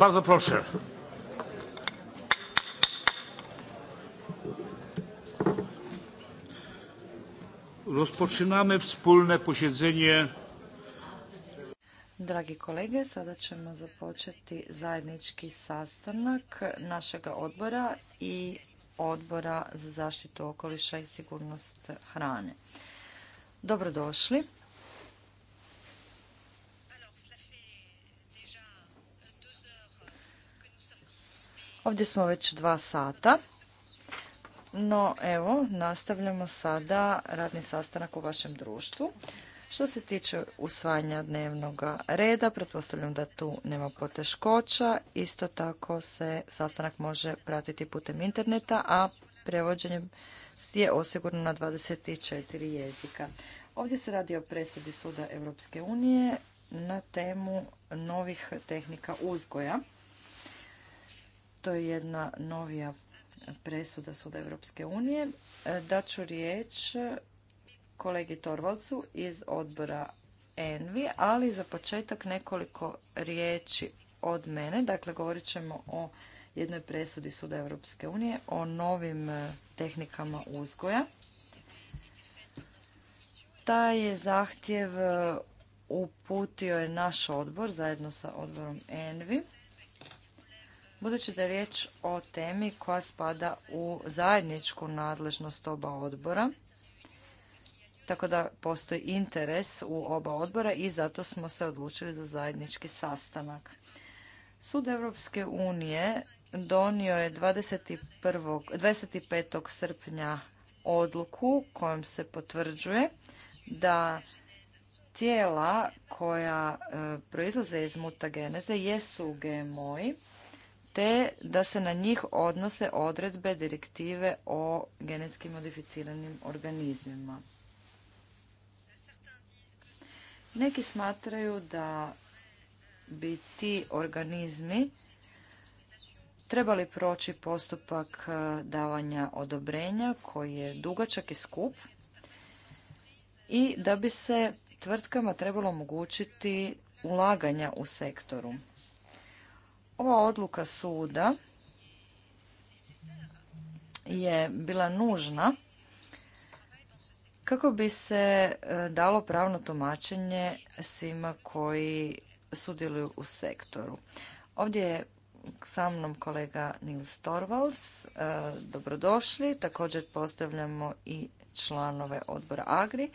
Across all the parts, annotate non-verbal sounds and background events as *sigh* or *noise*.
Bardzo proszę. Rozpoczynamy wspólne posiedzenie. Dragi kolege, sada ćemo započeti zajednički sastanak našega odbora i odbora za zaštitu okoliša i sigurnost hrane. Dobrodošli. Ovdje smo već dva sata. No evo, nastavljamo sada radni sastanak u vašem društvu. Što se tiče usvajanja dnevnog reda, pretpostavljam da tu nema poteškoća. Isto tako se sastanak može pratiti putem interneta, a prevođenje je osigurno na 24 jezika. Ovdje se radi o presudi Suda Europske unije na temu novih tehnika uzgoja. To je jedna novija presuda Suda Evropske unije. E, Daću riječ kolegi Torvalcu iz odbora Envi, ali za početak nekoliko riječi od mene. Dakle, govorit ćemo o jednoj presudi Suda Evropske unije, o novim e, tehnikama uzgoja. Taj je zahtjev e, uputio je naš odbor zajedno sa odborom Envi Budući da je riječ o temi koja spada u zajedničku nadležnost oba odbora, tako da postoji interes u oba odbora i zato smo se odlučili za zajednički sastanak. Sud Europske unije donio je 21. 25. srpnja odluku kojom se potvrđuje da tijela koja e, proizlaze iz mutageneze jesu gmo te da se na njih odnose odredbe direktive o genetski modificiranim organizmima. Neki smatraju da bi ti organizmi trebali proći postupak e, davanja odobrenja koji je dugačak i skup i da bi se tvrtkama trebalo omogućiti ulaganja u sektoru. Ova odluka suda je bila nužna kako bi se e, dalo pravno tumačenje svima koji sudjeluju u sektoru. Ovdje je sa mnom kolega Nils Torvalds. E, dobrodošli. Također pozdravljamo i članove odbora Agri.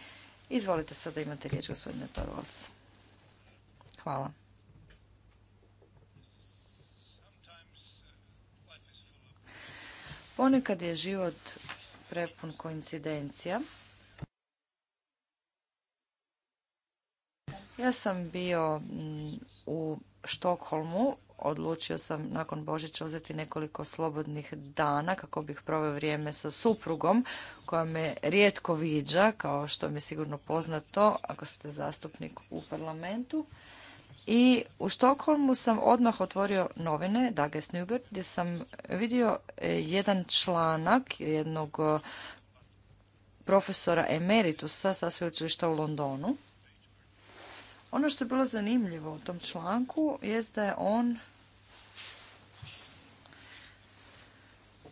Izvolite sada imate riječ gospodine Torvalds. Hvala. Ponekad je život prepun koincidencija. Ja sam bio mm, u Štokholmu, odlučio sam nakon Božića uzeti nekoliko slobodnih dana kako bih proveo vrijeme sa suprugom koja me rijetko viđa, kao što mi je sigurno poznato ako ste zastupnik u parlamentu. I u Štokholmu sam odmah otvorio novine Dages Newbert gdje sam vidio e, jedan članak jednog e, profesora emeritusa sa sveučilišta u Londonu. Ono što je bilo zanimljivo u tom članku je da je on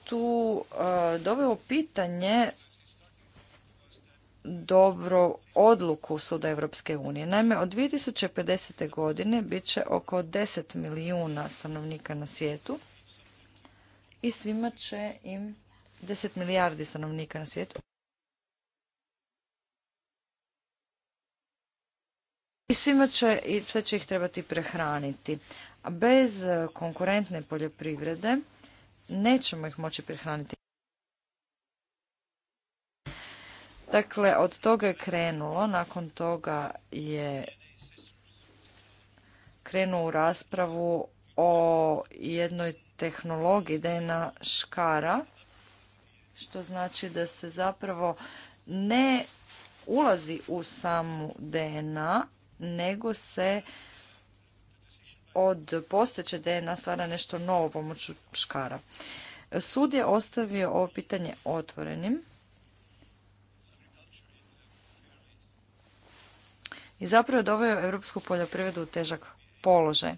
tu e, doveo pitanje dobru odluku Suda Europske unije. Naime, od 2050. godine bit će oko 10 milijuna stanovnika na svijetu i svima će im 10 milijardi stanovnika na svijetu. I svima će, i sve će ih trebati prehraniti. A bez konkurentne poljoprivrede nećemo ih moći prehraniti. Dakle, od toga je krenulo, nakon toga je krenuo u raspravu o jednoj tehnologiji DNA škara, što znači da se zapravo ne ulazi u samu DNA, nego se od postojeće DNA stvara nešto novo pomoću škara. Sud je ostavio ovo pitanje otvorenim i zapravo je doveo europsku poljoprivredu u težak položaj.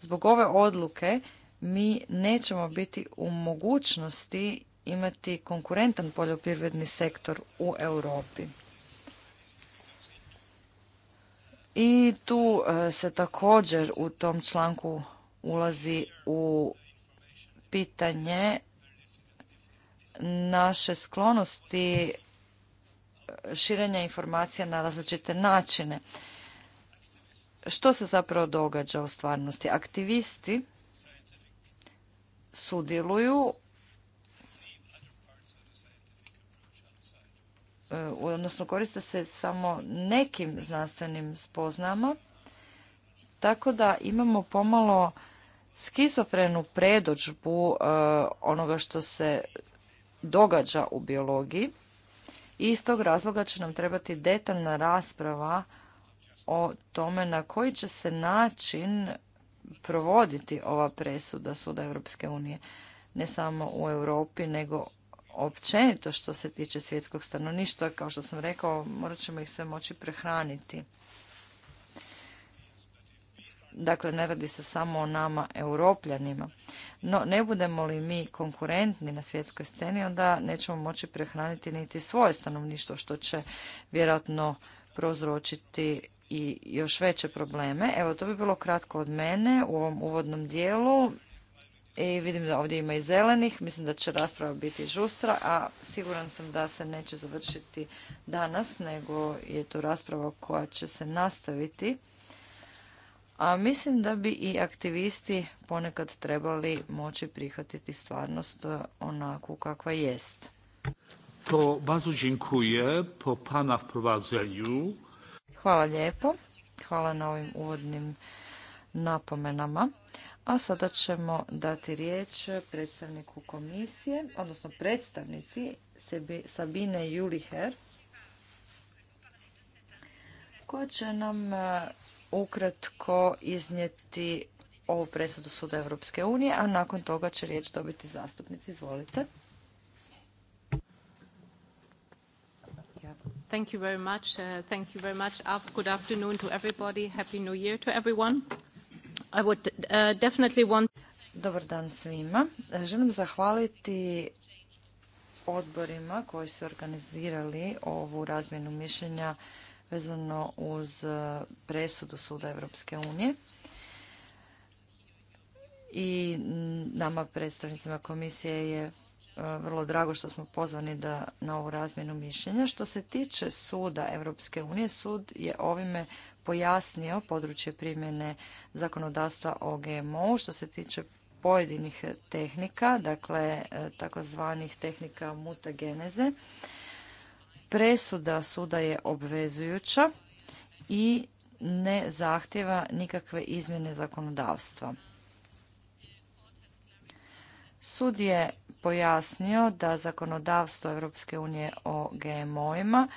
Zbog ove odluke mi nećemo biti u mogućnosti imati konkurentan poljoprivredni sektor u Europi. I tu e, se također u tom članku ulazi u pitanje naše sklonosti širenja informacija na različite načine. Što se zapravo događa u stvarnosti? Aktivisti sudjeluju e, odnosno koriste se samo nekim znanstvenim spoznama, tako da imamo pomalo skizofrenu predođbu e, onoga što se događa u biologiji i iz tog razloga će nam trebati detaljna rasprava o tome na koji će se način provoditi ova presuda Suda Europske unije. Ne samo u Europi, nego općenito što se tiče svjetskog stanovništva. Kao što sam rekao, morat ćemo ih sve moći prehraniti. Dakle, ne radi se samo o nama, europljanima. No, ne budemo li mi konkurentni na svjetskoj sceni, onda nećemo moći prehraniti niti svoje stanovništvo, što će vjerojatno prouzročiti i još veće probleme. Evo, to bi bilo kratko od mene u ovom uvodnom dijelu. I vidim da ovdje ima i zelenih. Mislim da će rasprava biti žustra, a siguran sam da se neće završiti danas, nego je to rasprava koja će se nastaviti a mislim da bi i aktivisti ponekad trebali moći prihvatiti stvarnost eh, onakvu kakva jest. To po pana Hvala lijepo. Hvala na ovim uvodnim napomenama. A sada ćemo dati riječ predstavniku komisije, odnosno predstavnici Sabine Juliher, koja će nam eh, ukratko iznijeti ovu presudu Suda Europske unije, a nakon toga će riječ dobiti zastupnici. Izvolite. Thank you very much. Uh, thank you very much. Good afternoon to everybody. Happy New Year to everyone. I would uh, definitely want... Dobar dan svima. E, želim zahvaliti odborima koji su organizirali ovu razmjenu mišljenja vezano uz e, presudu Suda Europske unije i nama predstavnicima komisije je e, vrlo drago što smo pozvani da na ovu razmjenu mišljenja. Što se tiče suda Europske unije, sud je ovime pojasnio područje primjene zakonodavstva o GMO što se tiče pojedinih tehnika, dakle e, takozvanih tehnika mutageneze Presuda suda je obvezujuća i ne zahtjeva nikakve izmjene zakonodavstva. Sud je pojasnio da zakonodavstvo Europske unije o GMO-ima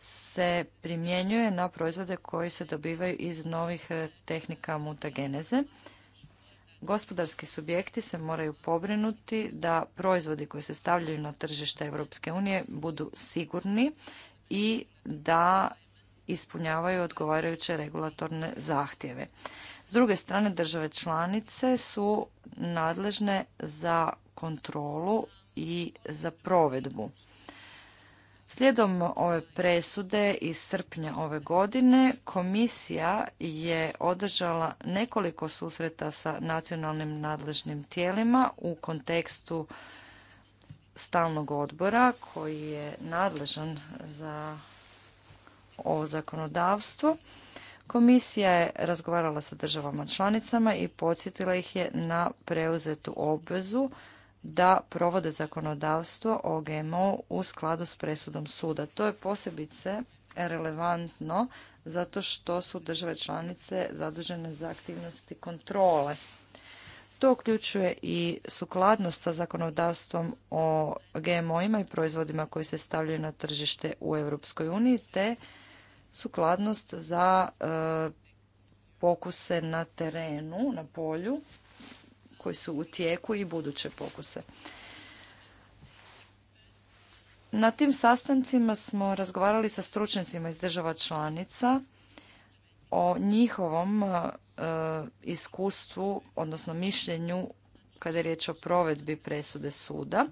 se primjenjuje na proizvode koji se dobivaju iz novih tehnika mutageneze Gospodarski subjekti se moraju pobrinuti da proizvodi koji se stavljaju na tržište Europske unije budu sigurni i da ispunjavaju odgovarajuće regulatorne zahtjeve. S druge strane, države članice su nadležne za kontrolu i za provedbu Slijedom ove presude iz srpnja ove godine komisija je održala nekoliko susreta sa nacionalnim nadležnim tijelima u kontekstu stalnog odbora koji je nadležan za ovo zakonodavstvo. Komisija je razgovarala sa državama članicama i podsjetila ih je na preuzetu obvezu da provode zakonodavstvo o GMO u skladu s presudom suda. To je posebice relevantno zato što su države članice zadužene za aktivnosti kontrole. To uključuje i sukladnost sa zakonodavstvom o GMO-ima i proizvodima koji se stavljaju na tržište u Europskoj uniji te sukladnost za e, pokuse na terenu, na polju koji su u tijeku i buduće pokuse. Na tim sastancima smo razgovarali sa stručnjacima iz država članica o njihovom e, iskustvu, odnosno mišljenju kada je riječ o provedbi presude suda.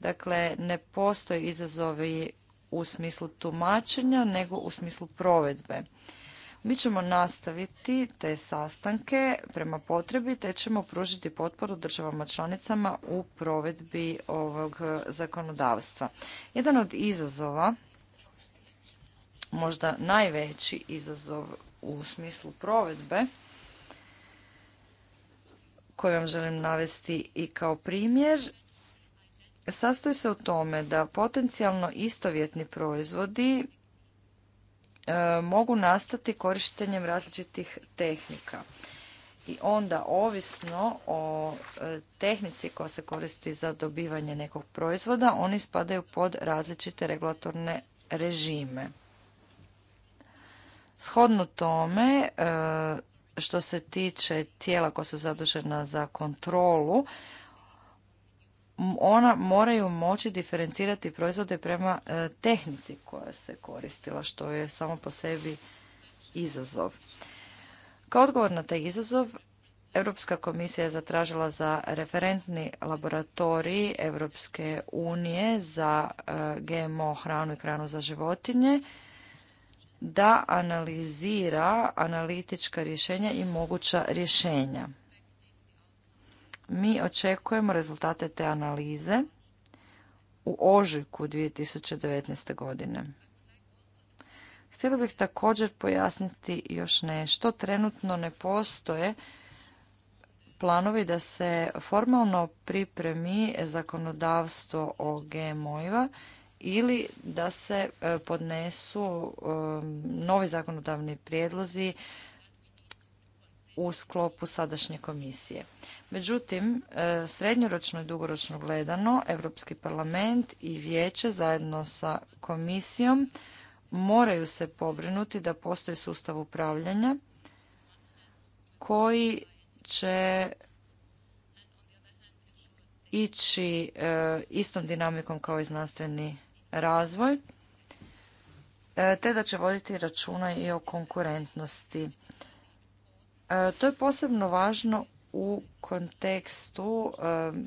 Dakle, ne postoje izazovi u smislu tumačenja, nego u smislu provedbe. Mi ćemo nastaviti te sastanke prema potrebi te ćemo pružiti potporu državama članicama u provedbi ovog zakonodavstva. Jedan od izazova, možda najveći izazov u smislu provedbe, koji vam želim navesti i kao primjer, sastoji se u tome da potencijalno istovjetni proizvodi E, mogu nastati korištenjem različitih tehnika. I onda, ovisno o e, tehnici koja se koristi za dobivanje nekog proizvoda, oni spadaju pod različite regulatorne režime. Shodno tome, e, što se tiče tijela koja su zadužena za kontrolu, ona moraju moći diferencirati proizvode prema e, tehnici koja se koristila, što je samo po sebi izazov. Kao odgovor na taj izazov, Europska komisija je zatražila za referentni laboratorij Europske unije za e, GMO hranu i hranu za životinje da analizira analitička rješenja i moguća rješenja. Mi očekujemo rezultate te analize u ožujku 2019. godine. Htjela bih također pojasniti još nešto. Trenutno ne postoje planovi da se formalno pripremi zakonodavstvo o GMO-iva ili da se e, podnesu e, novi zakonodavni prijedlozi u sklopu sadašnje komisije. Međutim, e, srednjoročno i dugoročno gledano, Europski parlament i vijeće zajedno sa komisijom moraju se pobrinuti da postoji sustav upravljanja koji će ići e, istom dinamikom kao i znanstveni razvoj, e, te da će voditi računa i o konkurentnosti E, to je posebno važno u kontekstu e,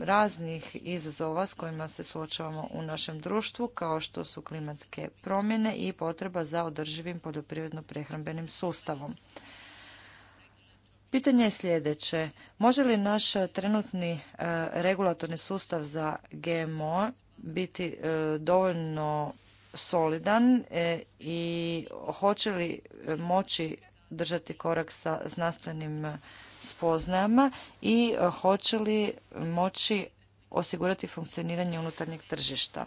raznih izazova s kojima se suočavamo u našem društvu, kao što su klimatske promjene i potreba za održivim poljoprivredno-prehrambenim sustavom. Pitanje je sljedeće. Može li naš trenutni e, regulatorni sustav za GMO biti dovoljno solidan i hoće li moći držati korak sa znanstvenim spoznajama i e, hoće li moći osigurati funkcioniranje unutarnjeg tržišta.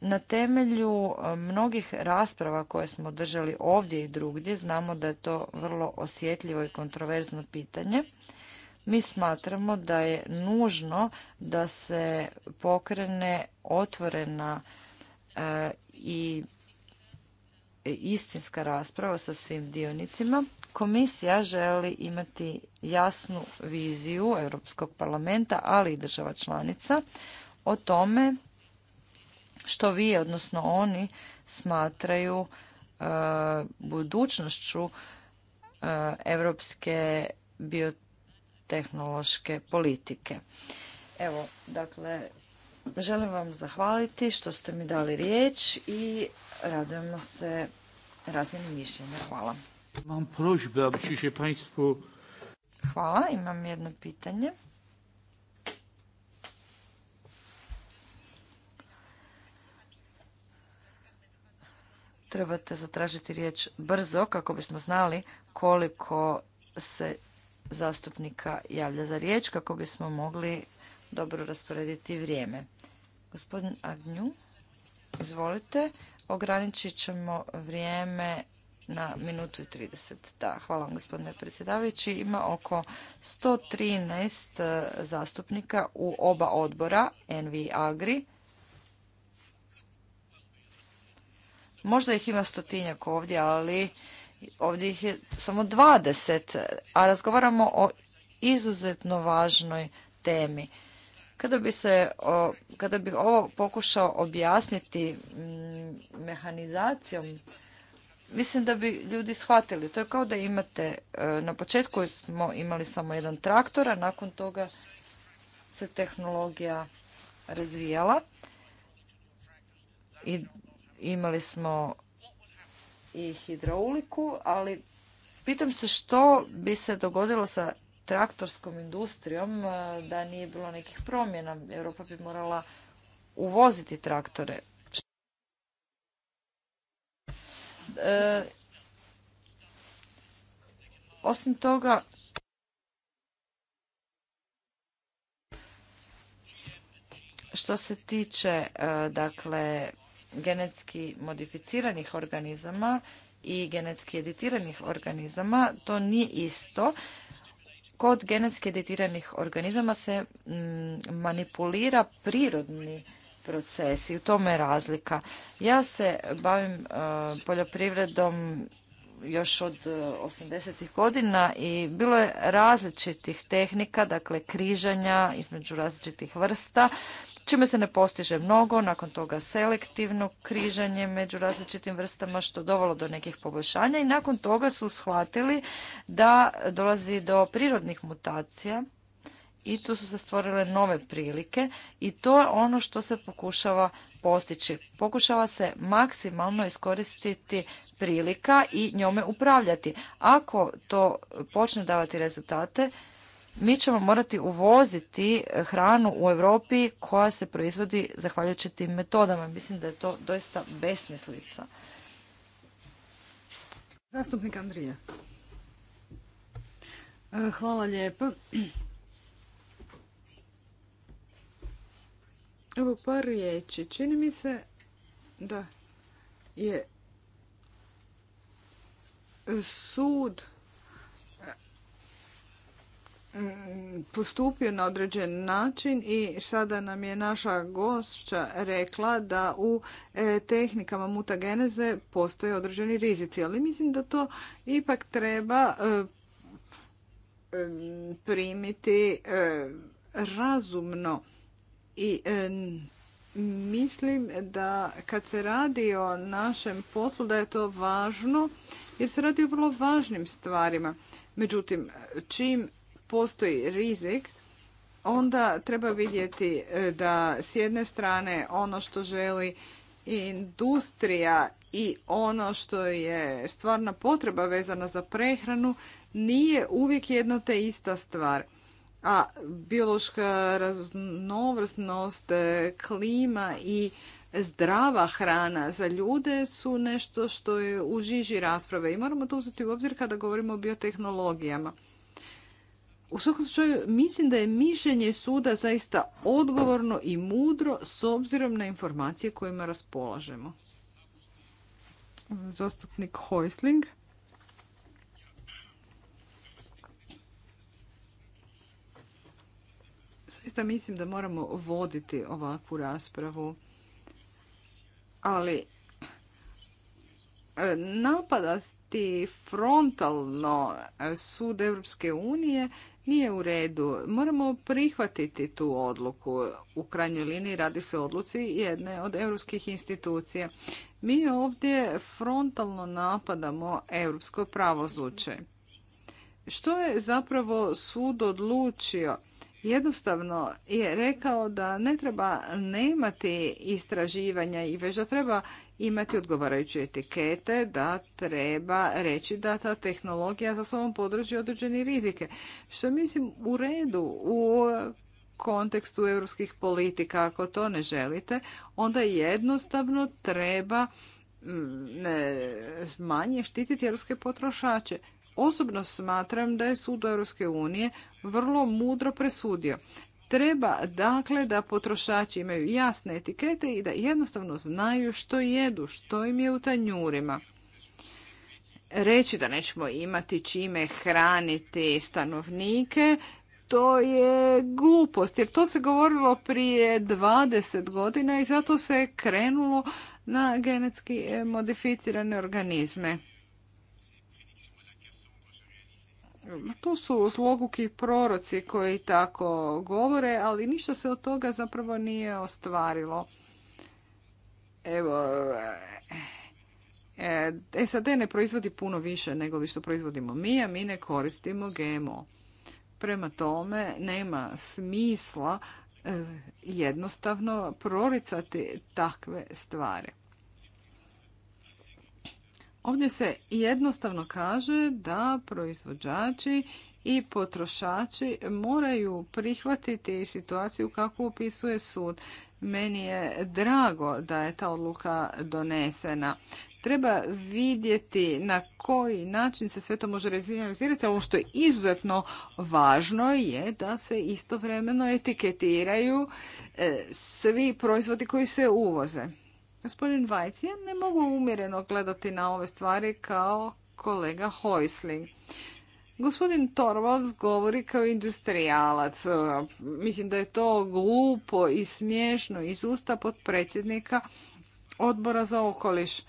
Na temelju e, mnogih rasprava koje smo držali ovdje i drugdje, znamo da je to vrlo osjetljivo i kontroverzno pitanje. Mi smatramo da je nužno da se pokrene otvorena e, i E, istinska rasprava sa svim dionicima. Komisija želi imati jasnu viziju Europskog parlamenta, ali i država članica o tome što vi, odnosno oni, smatraju e, budućnošću europske biotehnološke politike. Evo, dakle, Želim vam zahvaliti što ste mi dali riječ i radujemo se razmjeni mišljenja. Hvala. Mam Hvala, imam jedno pitanje. Trebate zatražiti riječ brzo kako bismo znali koliko se zastupnika javlja za riječ kako bismo mogli dobro rasporediti vrijeme. Gospodin Agnju, izvolite. Ograničit ćemo vrijeme na minutu i 30. Da, hvala vam gospodine predsjedavajući. Ima oko 113 e, zastupnika u oba odbora, NV Agri. Možda ih ima stotinjak ovdje, ali ovdje ih je samo 20, a razgovaramo o izuzetno važnoj temi. Kada bi se, kada bih ovo pokušao objasniti mm, mehanizacijom, mislim da bi ljudi shvatili. To je kao da imate, e, na početku smo imali samo jedan traktor, a nakon toga se tehnologija razvijala i imali smo i hidrauliku, ali pitam se što bi se dogodilo sa traktorskom industrijom e, da nije bilo nekih promjena. Europa bi morala uvoziti traktore. E, osim toga, što se tiče e, dakle genetski modificiranih organizama i genetski editiranih organizama, to nije isto kod genetski editiranih organizama se mm, manipulira prirodni proces i u tome je razlika. Ja se bavim e, poljoprivredom još od 80. E, godina i bilo je različitih tehnika, dakle križanja između različitih vrsta čime se ne postiže mnogo, nakon toga selektivno križanje među različitim vrstama što dovelo do nekih poboljšanja i nakon toga su shvatili da dolazi do prirodnih mutacija i tu su se stvorile nove prilike i to je ono što se pokušava postići. Pokušava se maksimalno iskoristiti prilika i njome upravljati. Ako to počne davati rezultate, mi ćemo morati uvoziti hranu u Europi koja se proizvodi zahvaljujući tim metodama. Mislim da je to doista besmislica. Zastupnik Andrija. E, hvala lijepo. Evo par riječi. Čini mi se da je sud Mm, postupio na određen način i sada nam je naša gošća rekla da u e, tehnikama mutageneze postoje određeni rizici, ali mislim da to ipak treba e, primiti e, razumno i mislim da kad se radi o našem poslu da je to važno jer se radi o vrlo važnim stvarima. Međutim, čim postoji rizik, onda treba vidjeti e, da s jedne strane ono što želi industrija i ono što je stvarna potreba vezana za prehranu nije uvijek jedno te ista stvar. A biološka raznovrsnost, e, klima i zdrava hrana za ljude su nešto što je u žiži rasprave i moramo to uzeti u obzir kada govorimo o biotehnologijama. U svakom slučaju mislim da je mišljenje suda zaista odgovorno i mudro s obzirom na informacije kojima raspolažemo. Zastupnik Hojsling. Zaista mislim da moramo voditi ovakvu raspravu, ali e, napadati frontalno sud Europske unije nije u redu. Moramo prihvatiti tu odluku. U krajnjoj liniji radi se o odluci jedne od europskih institucija. Mi ovdje frontalno napadamo europsko pravosuđe što je zapravo sud odlučio? Jednostavno je rekao da ne treba nemati istraživanja i već da treba imati odgovarajuće etikete, da treba reći da ta tehnologija za sobom podrži određene rizike. Što mislim u redu u kontekstu europskih politika, ako to ne želite, onda jednostavno treba mm, manje štititi europske potrošače. Osobno smatram da je sud Europske unije vrlo mudro presudio. Treba dakle da potrošači imaju jasne etikete i da jednostavno znaju što jedu, što im je u tanjurima. Reći da nećemo imati čime hraniti stanovnike, to je glupost, jer to se govorilo prije 20 godina i zato se krenulo na genetski modificirane organizme. To su zloguki proroci koji tako govore, ali ništa se od toga zapravo nije ostvarilo. Evo, e, e, SAD ne proizvodi puno više nego li što proizvodimo mi, a mi ne koristimo GMO. Prema tome, nema smisla e, jednostavno proricati takve stvari. Ovdje se jednostavno kaže da proizvođači i potrošači moraju prihvatiti situaciju kako opisuje sud. Meni je drago da je ta odluka donesena. Treba vidjeti na koji način se sve to može realizirati. ono što je izuzetno važno je da se istovremeno etiketiraju e, svi proizvodi koji se uvoze. Gospodin Vajc, ja ne mogu umjereno gledati na ove stvari kao kolega Hoisling. Gospodin Torvalds govori kao industrijalac. E, mislim da je to glupo i smiješno iz usta potpredsjednika odbora za okoliš.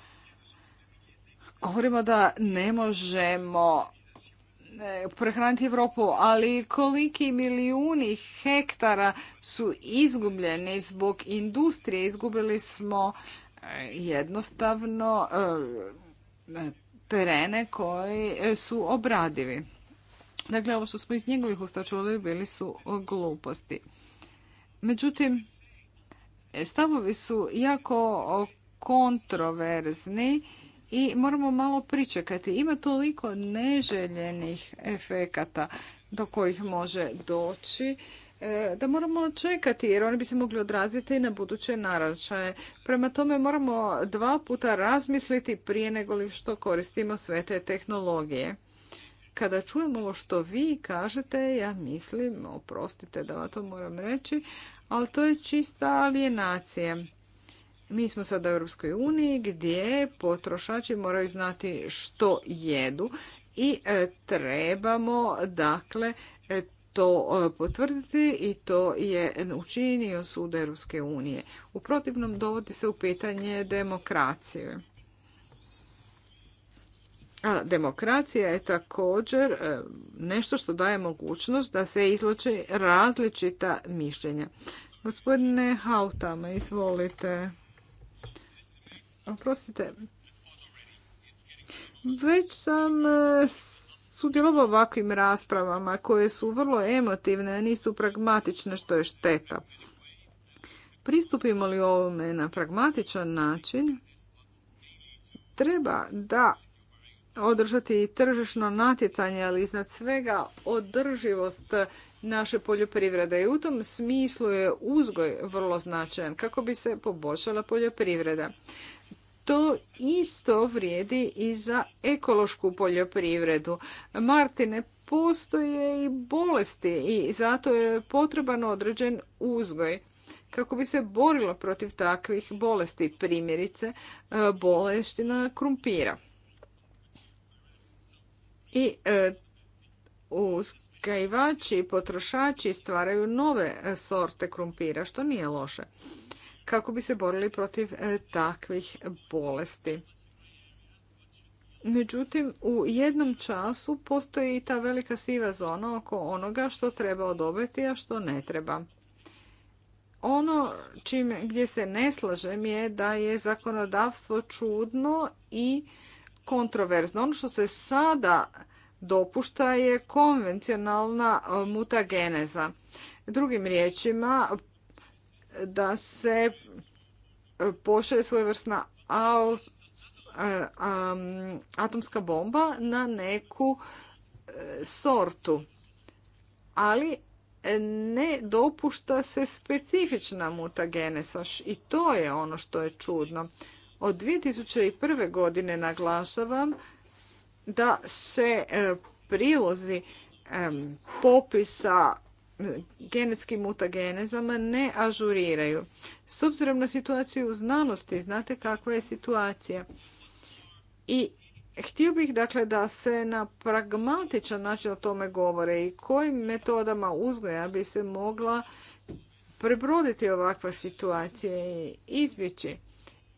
Govorimo da ne možemo e, prehraniti Europu, ali koliki milijuni hektara su izgubljeni zbog industrije. Izgubili smo jednostavno e, terene koji su obradivi. Dakle, ovo što smo iz njegovih usta čuli bili su gluposti. Međutim, stavovi su jako kontroverzni i moramo malo pričekati. Ima toliko neželjenih efekata do kojih može doći E, da moramo čekati jer oni bi se mogli odraziti na buduće naračaje. Prema tome moramo dva puta razmisliti prije nego li što koristimo sve te tehnologije. Kada čujem ovo što vi kažete, ja mislim, oprostite da vam to moram reći, ali to je čista alijenacija. Mi smo sada u Europskoj uniji gdje potrošači moraju znati što jedu i e, trebamo dakle to e, potvrditi i to je učinio sud Europske unije. U protivnom dovodi se u pitanje demokracije. A demokracija je također e, nešto što daje mogućnost da se izloče različita mišljenja. Gospodine Hautama, izvolite. Oprostite. Već sam e, sudjelovao ovakvim raspravama koje su vrlo emotivne, a nisu pragmatične što je šteta. Pristupimo li ovome na pragmatičan način, treba da održati i tržišno natjecanje, ali iznad svega održivost naše poljoprivrede. I u tom smislu je uzgoj vrlo značajan kako bi se poboljšala poljoprivreda. To isto vrijedi i za ekološku poljoprivredu. Martine, postoje i bolesti i zato je potreban određen uzgoj kako bi se borilo protiv takvih bolesti, primjerice e, boleština krumpira. I e, uzgajivači i potrošači stvaraju nove sorte krumpira, što nije loše kako bi se borili protiv e, takvih bolesti. Međutim, u jednom času postoji i ta velika siva zona oko onoga što treba odobriti, a što ne treba. Ono čime, gdje se ne slažem je da je zakonodavstvo čudno i kontroverzno. Ono što se sada dopušta je konvencionalna mutageneza. Drugim riječima, da se e, pošalje svojevrsna e, atomska bomba na neku e, sortu. Ali ne dopušta se specifična mutagenesa i to je ono što je čudno. Od 2001. godine naglašavam da se prilozi popisa genetskim mutagenezama ne ažuriraju. S obzirom na situaciju u znanosti, znate kakva je situacija. I htio bih dakle da se na pragmatičan način o tome govore i kojim metodama uzgoja bi se mogla prebroditi ovakva situacija i izbjeći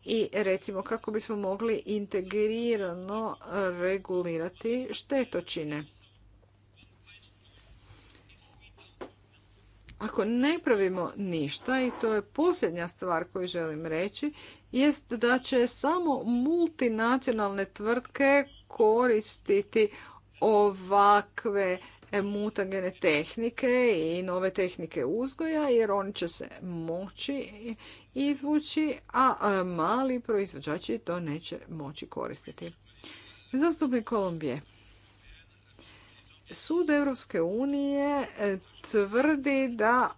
i recimo kako bismo mogli integrirano regulirati štetočine. Ako ne pravimo ništa, i to je posljednja stvar koju želim reći, jest da će samo multinacionalne tvrtke koristiti ovakve mutagene tehnike i nove tehnike uzgoja jer oni će se moći izvući, a mali proizvođači to neće moći koristiti. Zastupnik Kolumbije. Sud Europske unije e, tvrdi da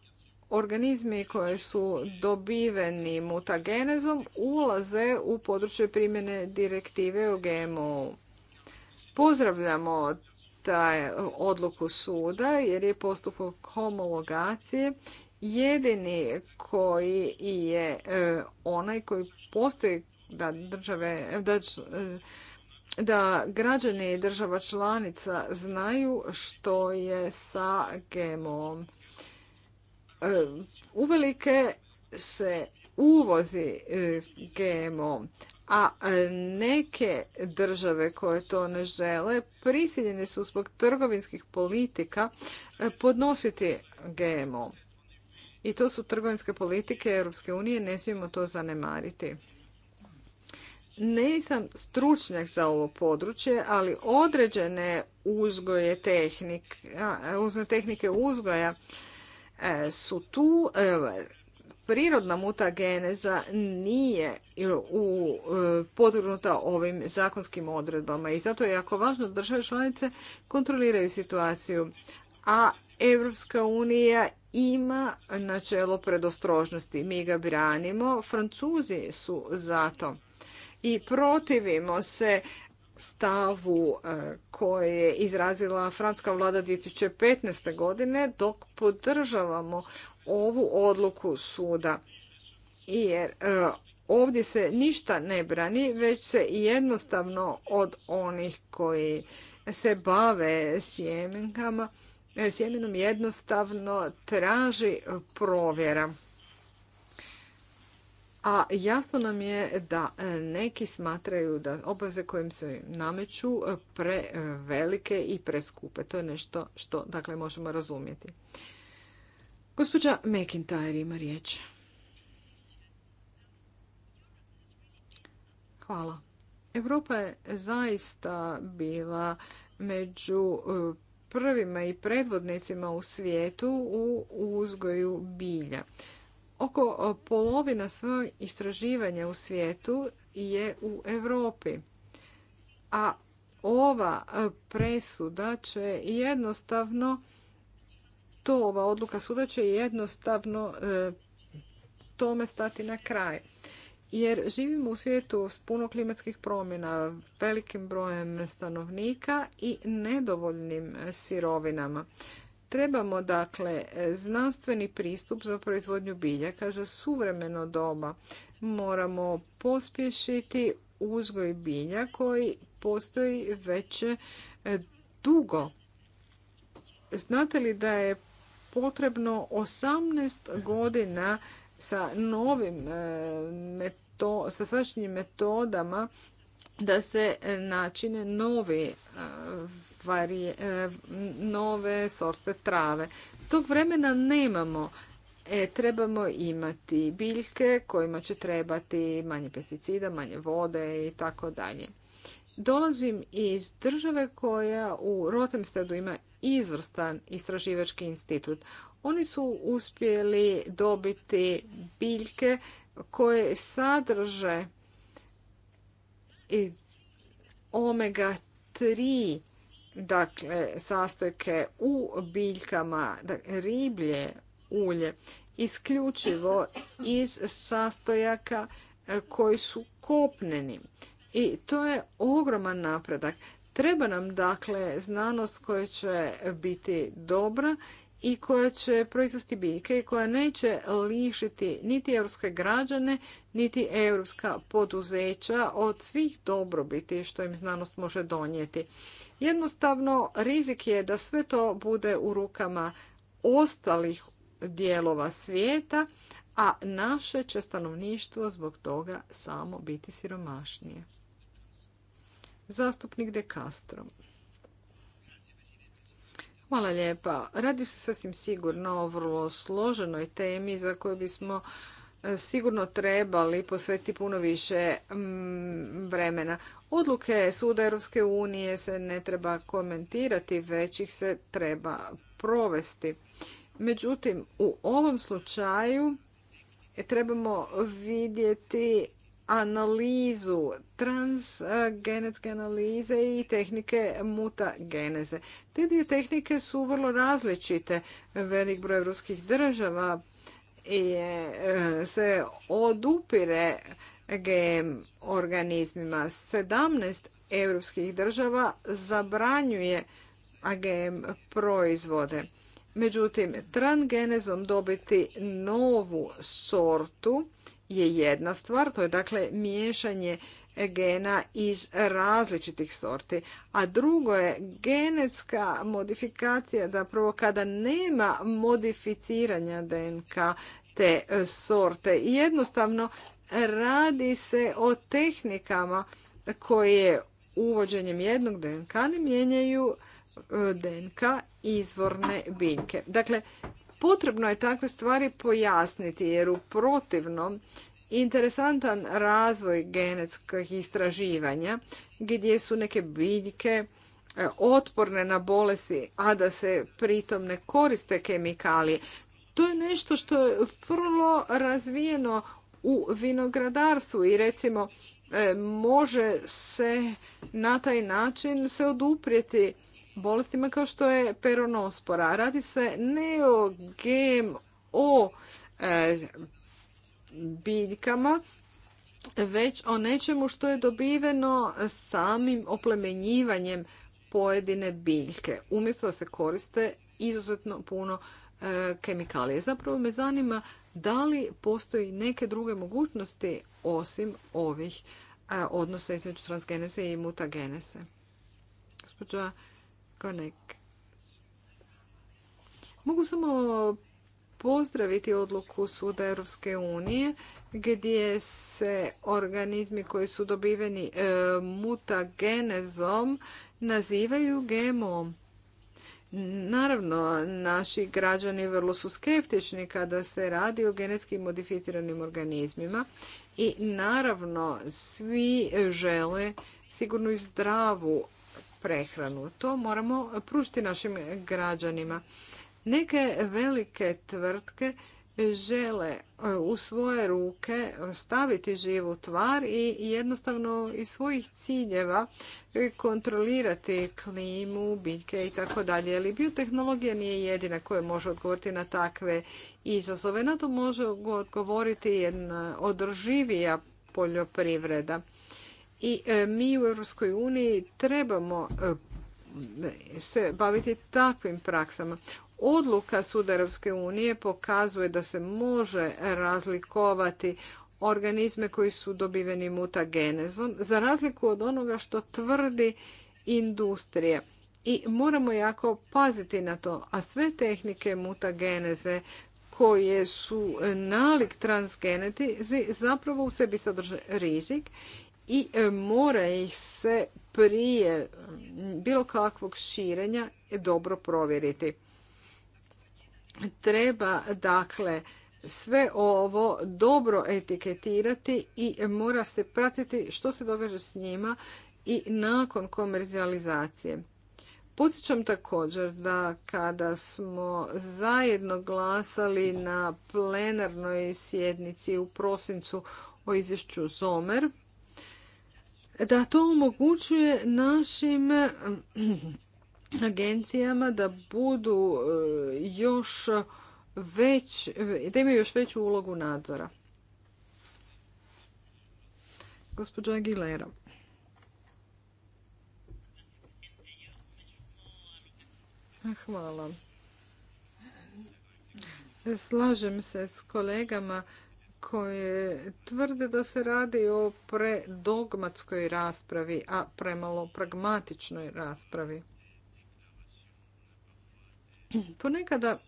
organizmi koji su dobiveni mutagenezom ulaze u područje primjene direktive o GMO. Pozdravljamo taj odluku suda jer je postupak homologacije jedini koji je e, onaj koji postoji da države da da građani država članica znaju što je sa GMO-om. E, uvelike se uvozi e, GMO, a e, neke države koje to ne žele prisiljene su zbog trgovinskih politika podnositi GMO. I to su trgovinske politike Europske unije, ne smijemo to zanemariti. Nisam stručnjak za ovo područje, ali određene uzgoje tehnik, tehnike uzgoja e, su tu. E, prirodna mutageneza nije u, e, podvrgnuta ovim zakonskim odredbama i zato je jako važno da države članice kontroliraju situaciju. A Evropska unija ima načelo predostrožnosti. Mi ga branimo. Francuzi su zato i protivimo se stavu e, koje je izrazila francuska vlada 2015. godine dok podržavamo ovu odluku suda jer e, ovdje se ništa ne brani već se jednostavno od onih koji se bave sjemenkama e, sjemenom jednostavno traži provjera a jasno nam je da e, neki smatraju da obaveze kojim se nameću e, prevelike i preskupe. To je nešto što dakle, možemo razumjeti. Gospođa McIntyre ima riječ. Hvala. Europa je zaista bila među e, prvima i predvodnicima u svijetu u uzgoju bilja. Oko e, polovina svog istraživanja u svijetu je u Europi. A ova e, presuda će jednostavno to ova odluka suda će jednostavno e, tome stati na kraj. Jer živimo u svijetu s puno klimatskih promjena, velikim brojem stanovnika i nedovoljnim sirovinama. Trebamo dakle znanstveni pristup za proizvodnju biljaka za suvremeno doba. Moramo pospješiti uzgoj bilja koji postoji već e, dugo. Znate li da je potrebno 18 godina sa novim e, sadašnjim metodama da se načine novi e, vari, e, nove sorte trave. Tog vremena nemamo. E, trebamo imati biljke kojima će trebati manje pesticida, manje vode i tako dalje. Dolazim iz države koja u Rotemstadu ima izvrstan istraživački institut. Oni su uspjeli dobiti biljke koje sadrže omega 3 dakle, sastojke u biljkama, dakle, riblje ulje, isključivo iz sastojaka e, koji su kopneni. I to je ogroman napredak. Treba nam dakle znanost koja će biti dobra i koja će proizvesti biljke i koja neće lišiti niti europske građane, niti europska poduzeća od svih dobrobiti što im znanost može donijeti. Jednostavno, rizik je da sve to bude u rukama ostalih dijelova svijeta, a naše će stanovništvo zbog toga samo biti siromašnije. Zastupnik De Castro. Hvala lijepa. Radi se sasvim sigurno o vrlo složenoj temi za koju bismo e, sigurno trebali posvetiti puno više vremena. Odluke Suda Europske unije se ne treba komentirati, već ih se treba provesti. Međutim, u ovom slučaju trebamo vidjeti analizu, transgenetske analize i tehnike mutageneze. Te dvije tehnike su vrlo različite. Velik broj evropskih država je, e, se odupire GM organizmima. 17 evropskih država zabranjuje AGM proizvode. Međutim, transgenezom dobiti novu sortu je jedna stvar, to je dakle miješanje gena iz različitih sorti. A drugo je genetska modifikacija, da prvo kada nema modificiranja DNK te sorte. jednostavno radi se o tehnikama koje uvođenjem jednog DNK ne mijenjaju e, DNK izvorne biljke. Dakle, Potrebno je takve stvari pojasniti jer u protivnom interesantan razvoj genetskih istraživanja gdje su neke biljke e, otporne na bolesti, a da se pritom ne koriste kemikalije. To je nešto što je vrlo razvijeno u vinogradarstvu i recimo e, može se na taj način se oduprijeti bolestima kao što je peronospora. Radi se ne o GMO e, biljkama, već o nečemu što je dobiveno samim oplemenjivanjem pojedine biljke. Umjesto da se koriste izuzetno puno e, kemikalije. Zapravo me zanima da li postoji neke druge mogućnosti osim ovih e, odnosa između transgenese i mutagenese. Gospođa Konek, Mogu samo pozdraviti odluku Suda Europske unije gdje se organizmi koji su dobiveni e, mutagenezom nazivaju GMO. Naravno, naši građani vrlo su skeptični kada se radi o genetski modificiranim organizmima i naravno svi žele sigurnu i zdravu prehranu. To moramo pružiti našim građanima. Neke velike tvrtke žele e, u svoje ruke staviti živu tvar i jednostavno iz svojih ciljeva e, kontrolirati klimu, biljke i tako dalje. Ali biotehnologija nije jedina koja može odgovoriti na takve izazove. Na to može odgovoriti jedna održivija poljoprivreda. I e, mi u Europskoj uniji trebamo e, se baviti takvim praksama. Odluka Suda Europske unije pokazuje da se može razlikovati organizme koji su dobiveni mutagenezom, za razliku od onoga što tvrdi industrije. I moramo jako paziti na to. A sve tehnike mutageneze koje su nalik transgeneti zapravo u sebi sadrže rizik i e, mora ih se prije bilo kakvog širenja dobro provjeriti. Treba dakle sve ovo dobro etiketirati i mora se pratiti što se događa s njima i nakon komercijalizacije. Podsjećam također da kada smo zajedno glasali na plenarnoj sjednici u prosincu o izvješću Zomer, da to omogućuje našim eh, *clears throat* agencijama da budu eh, još već, eh, da imaju još veću ulogu nadzora. Gospođa Aguilera. Hvala. Slažem se s kolegama koje tvrde da se radi o predogmatskoj raspravi, a premalo pragmatičnoj raspravi. Ponekada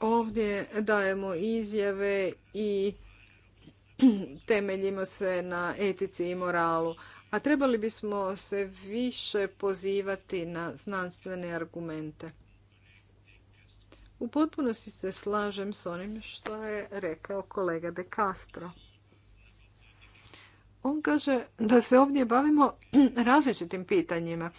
ovdje dajemo izjave i temeljimo se na etici i moralu, a trebali bismo se više pozivati na znanstvene argumente. U potpunosti se slažem s onim što je rekao kolega De Castro. On kaže da se ovdje bavimo *clears throat* različitim pitanjima.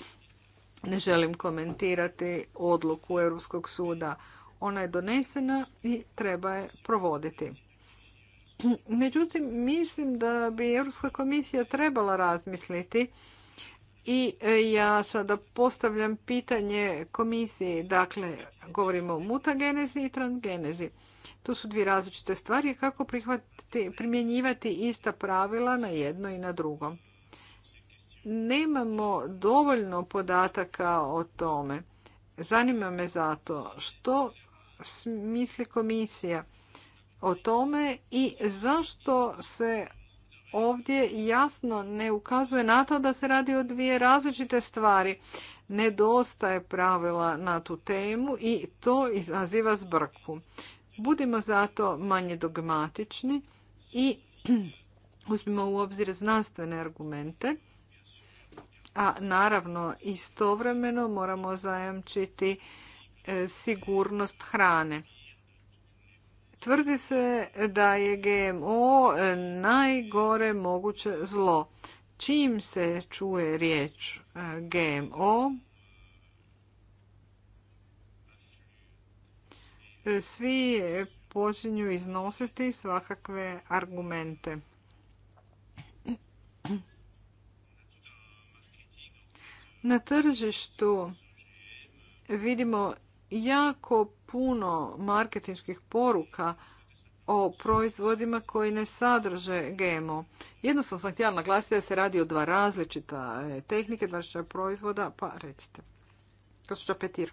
Ne želim komentirati odluku Europskog suda. Ona je donesena i treba je provoditi. *clears throat* Međutim, mislim da bi Europska komisija trebala razmisliti i e, ja sada postavljam pitanje komisiji, dakle, govorimo o mutagenezi i transgenezi. Tu su dvije različite stvari kako primjenjivati ista pravila na jedno i na drugo. Nemamo dovoljno podataka o tome. Zanima me zato što misli komisija o tome i zašto se ovdje jasno ne ukazuje na to da se radi o dvije različite stvari. Nedostaje pravila na tu temu i to izaziva zbrku. Budimo zato manje dogmatični i *clears throat* uzmimo u obzir znanstvene argumente, a naravno istovremeno moramo zajamčiti e, sigurnost hrane. Tvrdi se da je GMO e, najgore moguće zlo. Čim se čuje riječ e, GMO, e, svi počinju iznositi svakakve argumente. Na tržištu vidimo jako puno marketinških poruka o proizvodima koji ne sadrže GMO. Jednostavno sam htjela naglasiti da se radi o dva različita e, tehnike, dva različita proizvoda, pa recite. Gospođa Petir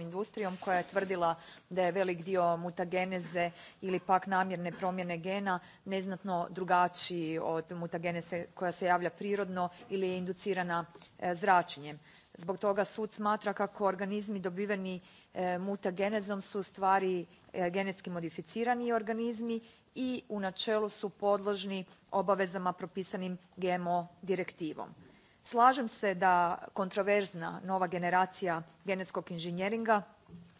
industrijom koja je tvrdila da je velik dio mutageneze ili pak namjerne promjene gena neznatno drugačiji od mutageneze koja se javlja prirodno ili je inducirana e, zračenjem. Zbog toga sud smatra kako organizmi dobiveni e, mutagenezom su ustvari e, genetski modificirani organizmi i u načelu su podložni obavezama propisanim GMO direktivom. Slažem se da kontroverzna nova generacija genetskog inženjeringa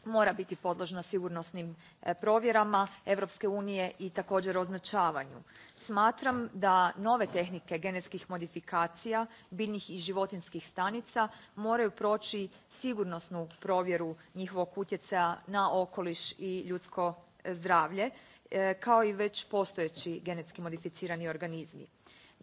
mora biti podložna sigurnosnim e, provjerama europske unije i također označavanju. smatram da nove tehnike genetskih modifikacija biljnih i životinjskih stanica moraju proći sigurnosnu provjeru njihovog utjecaja na okoliš i ljudsko e, zdravlje e, kao i već postojeći genetski modificirani organizmi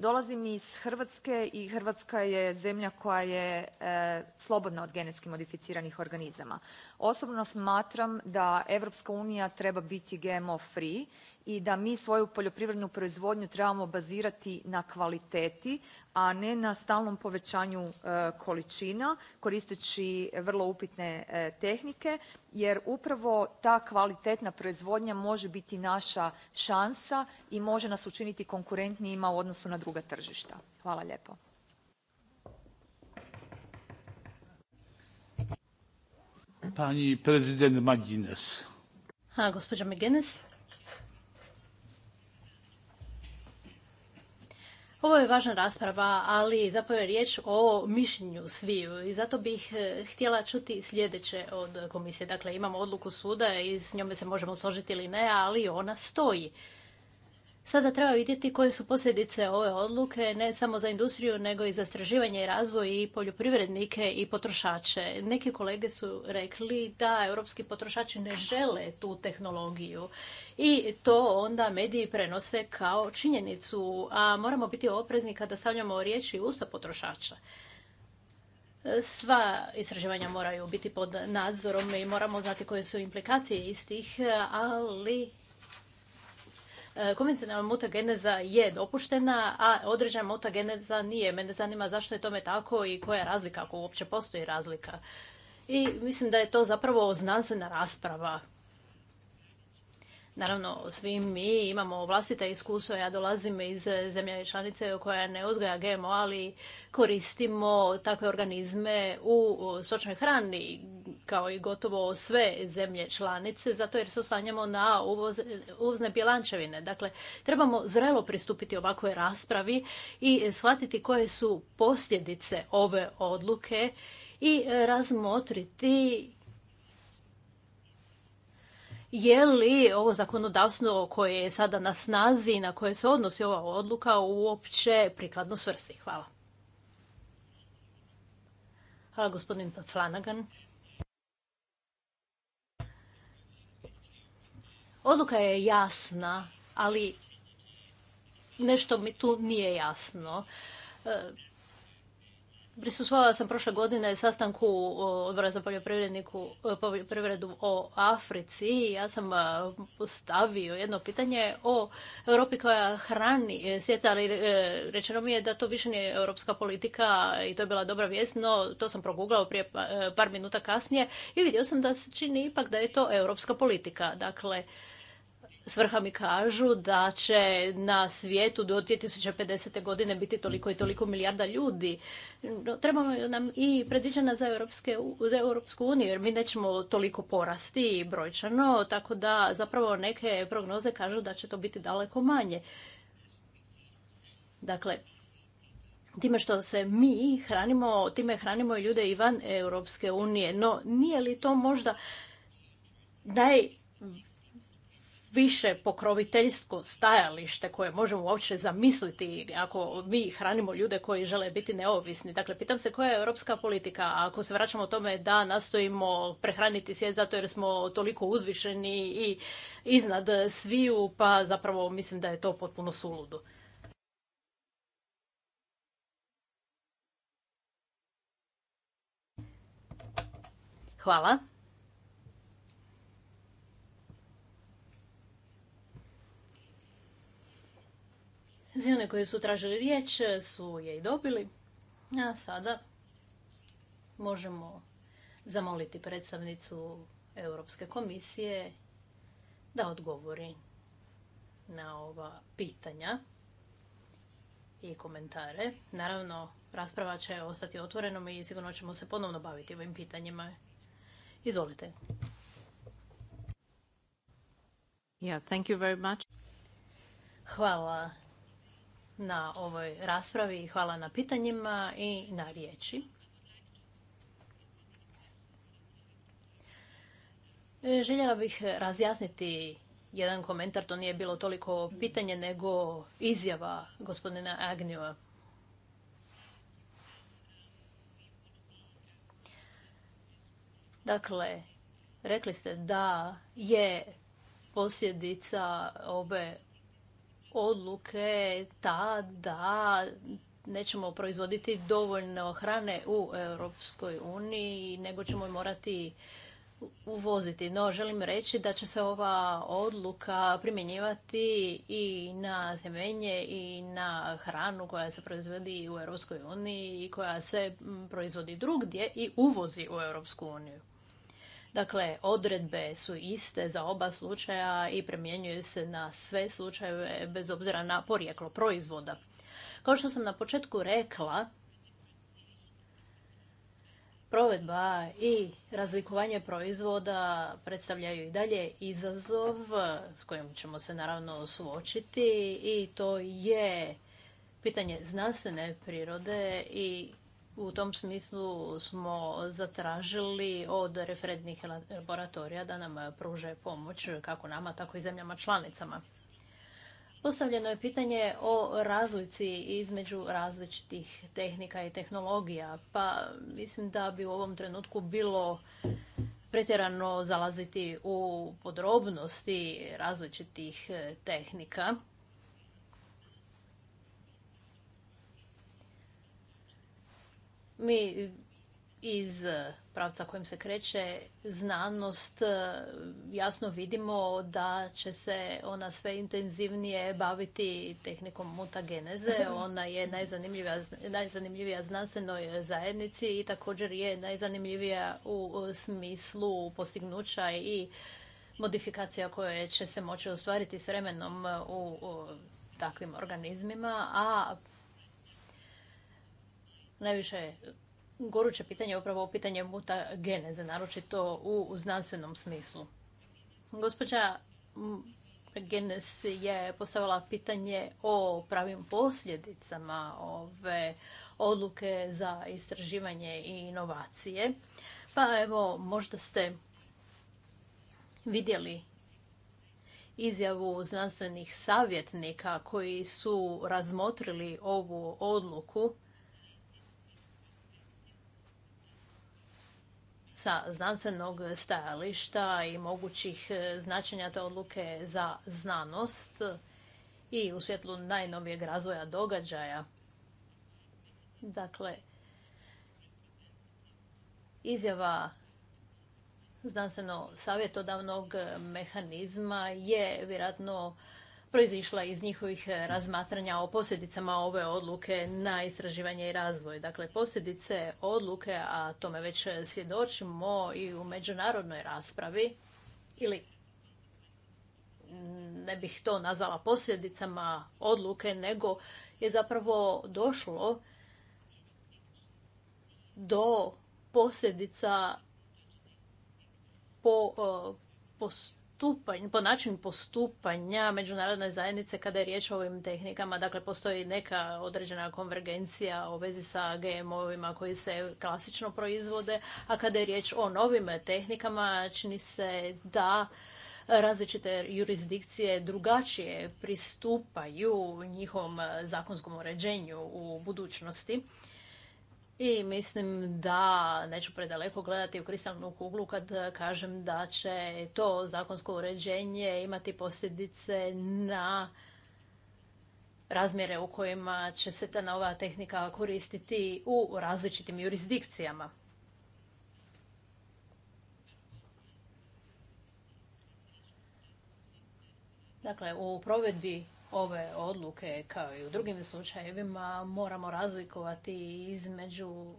dolazim iz hrvatske i hrvatska je zemlja koja je e, slobodna od genetski modificiranih organizama. osobno smatram da europska unija treba biti gmo free i da mi svoju poljoprivrednu proizvodnju trebamo bazirati na kvaliteti a ne na stalnom povećanju e, količina koristeći vrlo upitne e, tehnike jer upravo ta kvalitetna proizvodnja može biti naša šansa i može nas učiniti konkurentnijima u odnosu na druga tržišta. hvala lijepo. Pani Ovo je važna rasprava, ali zapravo je riječ o mišljenju sviju i zato bih e, htjela čuti sljedeće od komisije. Dakle, imamo odluku suda i s njome se možemo složiti ili ne, ali ona stoji. Sada treba vidjeti koje su posljedice ove odluke ne samo za industriju nego i za straživanje i razvoj i poljoprivrednike i potrošače. Neki kolege su rekli da europski potrošači ne žele tu tehnologiju i to onda mediji prenose kao činjenicu, a moramo biti oprezni kada stavljamo riječi usta potrošača. Sva istraživanja moraju biti pod nadzorom i moramo znati koje su implikacije istih, ali E, konvencionalna mutageneza je dopuštena, a određena mutageneza nije. Mene zanima zašto je tome tako i koja je razlika, ako uopće postoji razlika. I mislim da je to zapravo znanstvena rasprava. Naravno, svi mi imamo vlastite iskustva. Ja dolazim iz zemlje članice koja ne uzgaja GMO, ali koristimo takve organizme u sočnoj hrani kao i gotovo sve zemlje članice, zato jer se oslanjamo na uvozne pjelančevine. Dakle, trebamo zrelo pristupiti ovakvoj raspravi i shvatiti koje su posljedice ove odluke i razmotriti je li ovo zakonodavstvo koje je sada na snazi i na koje se odnosi ova odluka uopće prikladno svrsi? Hvala. Hvala gospodin Flanagan. Odluka je jasna, ali nešto mi tu nije jasno. E, prisustvovala sam prošle godine sastanku e, odbora za e, poljoprivredu o Africi i ja sam postavio jedno pitanje o Europi koja hrani svijeta, ali rečeno mi je da to više nije europska politika i to je bila dobra vijest, no to sam proguglao prije par minuta kasnije i vidio sam da se čini ipak da je to europska politika. Dakle, svrha mi kažu da će na svijetu do 2050. godine biti toliko i toliko milijarda ljudi. trebamo nam i predviđena za, Europske, Europsku uniju jer mi nećemo toliko porasti brojčano, tako da zapravo neke prognoze kažu da će to biti daleko manje. Dakle, time što se mi hranimo, time hranimo i ljude i van Europske unije. No, nije li to možda naj više pokroviteljsko stajalište koje možemo uopće zamisliti ako mi hranimo ljude koji žele biti neovisni. Dakle, pitam se koja je europska politika, a ako se vraćamo tome da nastojimo prehraniti svijet zato jer smo toliko uzvišeni i iznad sviju, pa zapravo mislim da je to potpuno suludo. Hvala. Svi oni koji su tražili riječ e, su je i dobili. A sada možemo zamoliti predstavnicu Europske komisije da odgovori na ova pitanja i komentare. Naravno, rasprava će ostati otvorenom i sigurno ćemo se ponovno baviti ovim pitanjima. Izvolite. much. Hvala na ovoj raspravi i hvala na pitanjima i na riječi. Željela bih razjasniti jedan komentar, to nije bilo toliko pitanje nego izjava gospodina Agnjua. Dakle, rekli ste da je posljedica ove odluke ta da nećemo proizvoditi dovoljno hrane u Europskoj uniji, nego ćemo morati uvoziti. No, želim reći da će se ova odluka primjenjivati i na zemenje i na hranu koja se proizvodi u Europskoj uniji i koja se proizvodi drugdje i uvozi u Europsku uniju. Dakle, odredbe su iste za oba slučaja i primjenjuju se na sve slučajeve bez obzira na porijeklo proizvoda. Kao što sam na početku rekla, provedba i razlikovanje proizvoda predstavljaju i dalje izazov s kojim ćemo se naravno suočiti i to je pitanje znanstvene prirode i u tom smislu smo zatražili od referentnih laboratorija da nam pruže pomoć kako nama, tako i zemljama članicama. Postavljeno je pitanje o razlici između različitih tehnika i tehnologija, pa mislim da bi u ovom trenutku bilo pretjerano zalaziti u podrobnosti različitih tehnika Mi iz eh, pravca kojim se kreće znanost eh, jasno vidimo da će se ona sve intenzivnije baviti tehnikom mutageneze. *laughs* Ona je najzanimljivija, najzanimljivija znanstvenoj zajednici i također je najzanimljivija u smislu postignuća i modifikacija koje će se moći ostvariti s vremenom eh, u takvim organizmima, a najviše goruće pitanje je upravo pitanje mutageneze, naročito u znanstvenom smislu. Gospođa Genes je postavila pitanje o pravim posljedicama ove odluke za istraživanje i inovacije. Pa evo, možda ste vidjeli izjavu znanstvenih savjetnika koji su razmotrili ovu odluku sa znanstvenog stajališta i mogućih e, značenja te odluke za znanost i u svjetlu najnovijeg razvoja događaja. Dakle, izjava znanstveno savjetodavnog mehanizma je vjerojatno proizišla iz njihovih e, razmatranja o posljedicama ove odluke na istraživanje i razvoj. Dakle, posljedice odluke, a tome već svjedočimo i u međunarodnoj raspravi, ili ne bih to nazvala posljedicama odluke, nego je zapravo došlo do posljedica po e, postupanj, po način postupanja međunarodne zajednice kada je riječ o ovim tehnikama? Dakle, postoji neka određena konvergencija u vezi sa GMO-ovima koji se klasično proizvode, a kada je riječ o novim tehnikama čini se da različite jurisdikcije drugačije pristupaju njihovom zakonskom uređenju u budućnosti. I mislim da neću predaleko gledati u kristalnu kuglu kad kažem da će to zakonsko uređenje imati posljedice na razmjere u kojima će se ta nova tehnika koristiti u različitim jurisdikcijama. Dakle, u provedbi ove odluke, kao i u drugim slučajevima, moramo razlikovati između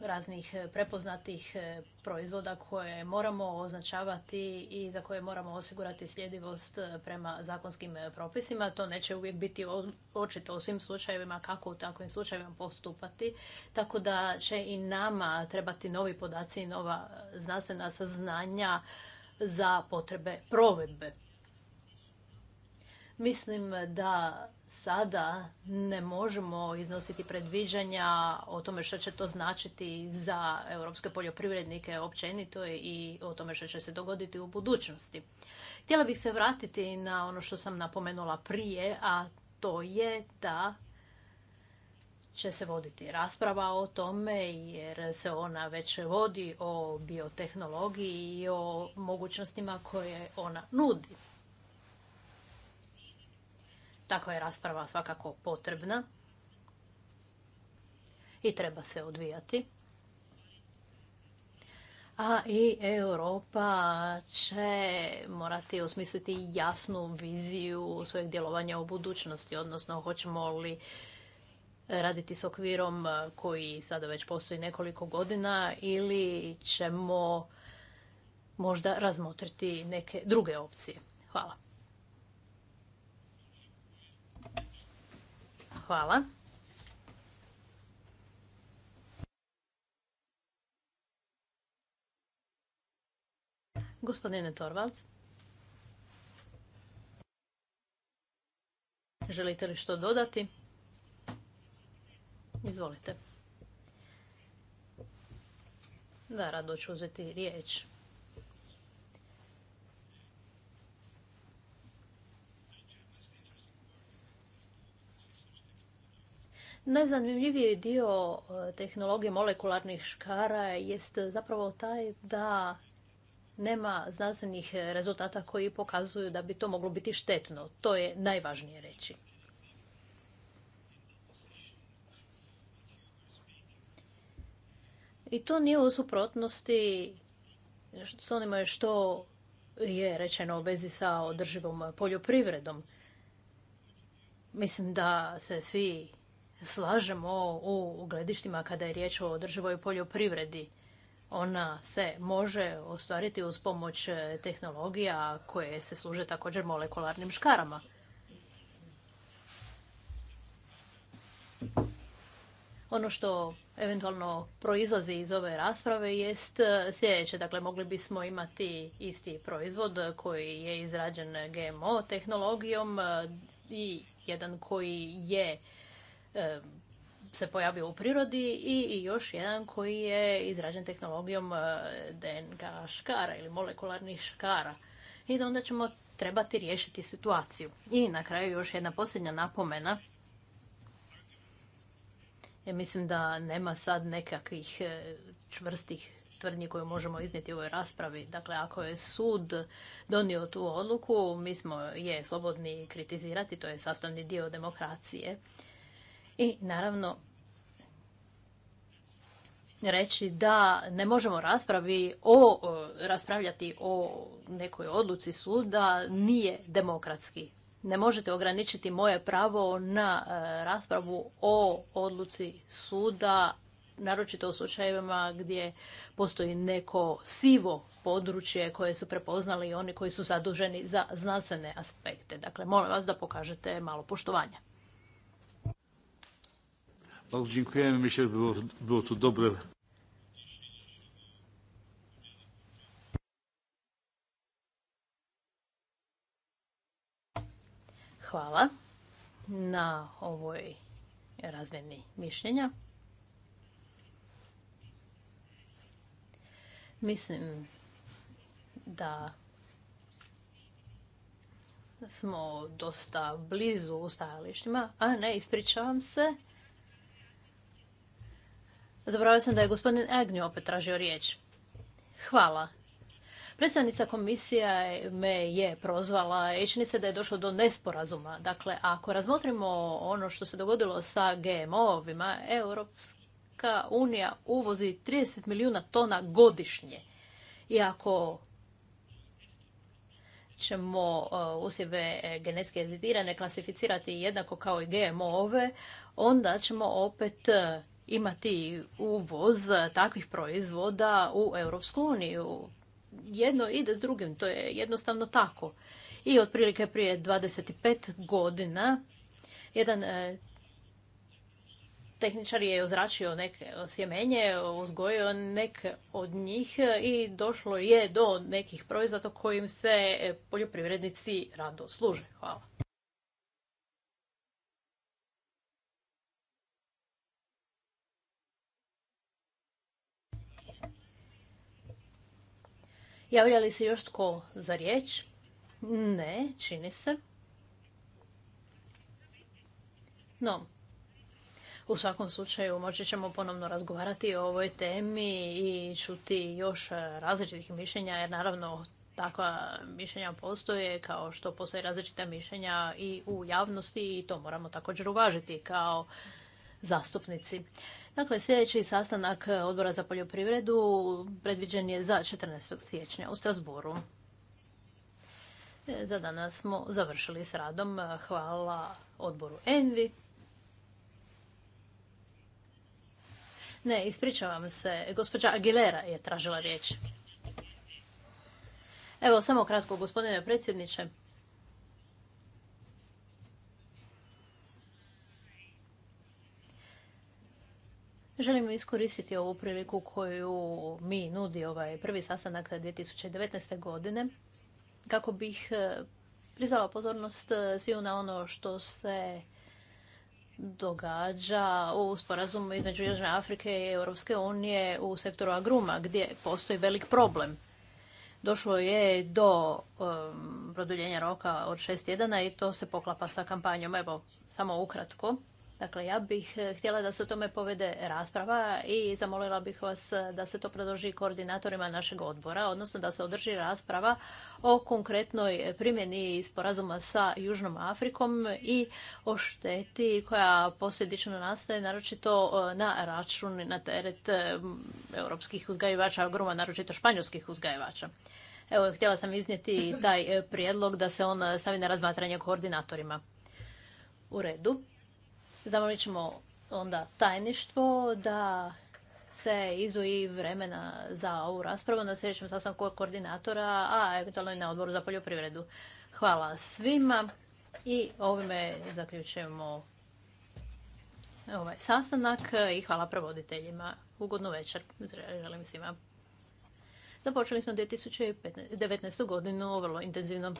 raznih prepoznatih e, proizvoda koje moramo označavati i za koje moramo osigurati sljedivost e, prema zakonskim e, propisima. To neće uvijek biti očito u svim slučajevima kako u takvim slučajevima postupati. Tako da će i nama trebati novi podaci i nova znanstvena saznanja za potrebe provedbe. Mislim da sada ne možemo iznositi predviđanja o tome što će to značiti za europske poljoprivrednike općenito i o tome što će se dogoditi u budućnosti. Htjela bih se vratiti na ono što sam napomenula prije, a to je da će se voditi rasprava o tome jer se ona već vodi o biotehnologiji i o mogućnostima koje ona nudi. Takva je rasprava svakako potrebna i treba se odvijati. A i Europa će morati osmisliti jasnu viziju svojeg djelovanja u budućnosti, odnosno hoćemo li raditi s okvirom koji sada već postoji nekoliko godina ili ćemo možda razmotriti neke druge opcije. Hvala. Hvala. Gospodine Torvalds. Želite li što dodati? Izvolite. Da, rado ću uzeti riječ. Najzanimljiviji dio e, tehnologije molekularnih škara jest zapravo taj da nema znanstvenih rezultata koji pokazuju da bi to moglo biti štetno. To je najvažnije reći. I to nije u suprotnosti s onima što je rečeno u vezi sa održivom poljoprivredom. Mislim da se svi slažemo u gledištima kada je riječ o održivoj poljoprivredi. Ona se može ostvariti uz pomoć e, tehnologija koje se služe također molekularnim škarama. Ono što eventualno proizlazi iz ove rasprave jest e, sljedeće. Dakle, mogli bismo imati isti proizvod koji je izrađen GMO tehnologijom e, i jedan koji je se pojavio u prirodi i još jedan koji je izrađen tehnologijom e, DNK škara ili molekularnih škara. I onda ćemo trebati riješiti situaciju. I na kraju još jedna posljednja napomena. Ja mislim da nema sad nekakvih e, čvrstih tvrdnji koju možemo iznijeti u ovoj raspravi. Dakle, ako je sud donio tu odluku, mi smo je slobodni kritizirati, to je sastavni dio demokracije. I naravno reći da ne možemo raspravi o, raspravljati o nekoj odluci suda nije demokratski. Ne možete ograničiti moje pravo na e, raspravu o odluci suda, naročito u slučajevima gdje postoji neko sivo područje koje su prepoznali oni koji su zaduženi za znanstvene aspekte. Dakle, molim vas da pokažete malo poštovanja. Bardzo dziękujemy. Myślę, to dobre. Hvala na ovoj razmjeni mišljenja. Mislim da smo dosta blizu u stajalištima. A ne, ispričavam se. Zaboravio sam da je gospodin Agnew opet tražio riječ. Hvala. Predstavnica komisija me je prozvala i čini se da je došlo do nesporazuma. Dakle, ako razmotrimo ono što se dogodilo sa GMO-ovima, Europska unija uvozi 30 milijuna tona godišnje. I ako ćemo e, usjeve genetske editirane klasificirati jednako kao i GMO-ove, onda ćemo opet e, imati uvoz takvih proizvoda u Europsku uniju. Jedno ide s drugim, to je jednostavno tako. I otprilike prije 25 godina jedan e, tehničar je ozračio neke sjemenje, uzgojio neke od njih i došlo je do nekih proizvoda kojim se poljoprivrednici rado služe. Hvala. Javlja li se još tko za riječ? Ne, čini se. No, u svakom slučaju moći ćemo ponovno razgovarati o ovoj temi i čuti još različitih mišljenja, jer naravno takva mišljenja postoje kao što postoje različita mišljenja i u javnosti i to moramo također uvažiti kao zastupnici. Dakle, sljedeći sastanak odbora za poljoprivredu predviđen je za 14. siječnja u Strasboru. E, za danas smo završili s radom. Hvala odboru Envi. Ne, ispričavam se. Gospođa Aguilera je tražila riječ. Evo, samo kratko, gospodine predsjedniče. Želim iskoristiti ovu priliku koju mi nudi ovaj prvi sastanak 2019. godine kako bih e, prizvala pozornost e, sviju na ono što se događa u sporazumu između Južne Afrike i Europske unije u sektoru agruma gdje postoji velik problem. Došlo je do e, produljenja roka od šest tjedana i to se poklapa sa kampanjom. Evo, samo ukratko. Dakle, ja bih eh, htjela da se o tome povede rasprava i zamolila bih vas eh, da se to predloži koordinatorima našeg odbora, odnosno da se održi rasprava o konkretnoj primjeni sporazuma sa Južnom Afrikom i o šteti koja posljedično nastaje, naročito eh, na račun, na teret europskih uzgajivača, gruma naročito španjolskih uzgajivača. Evo, htjela sam iznijeti taj prijedlog da se on stavi na razmatranje koordinatorima. U redu. Zamolit ćemo onda tajništvo da se izvoji vremena za ovu raspravu na sljedećem sastanku koordinatora, a eventualno i na odboru za poljoprivredu. Hvala svima i ovime zaključujemo ovaj sastanak i hvala prevoditeljima. Ugodnu večer želim svima. Započeli smo 2019. godinu vrlo intenzivno.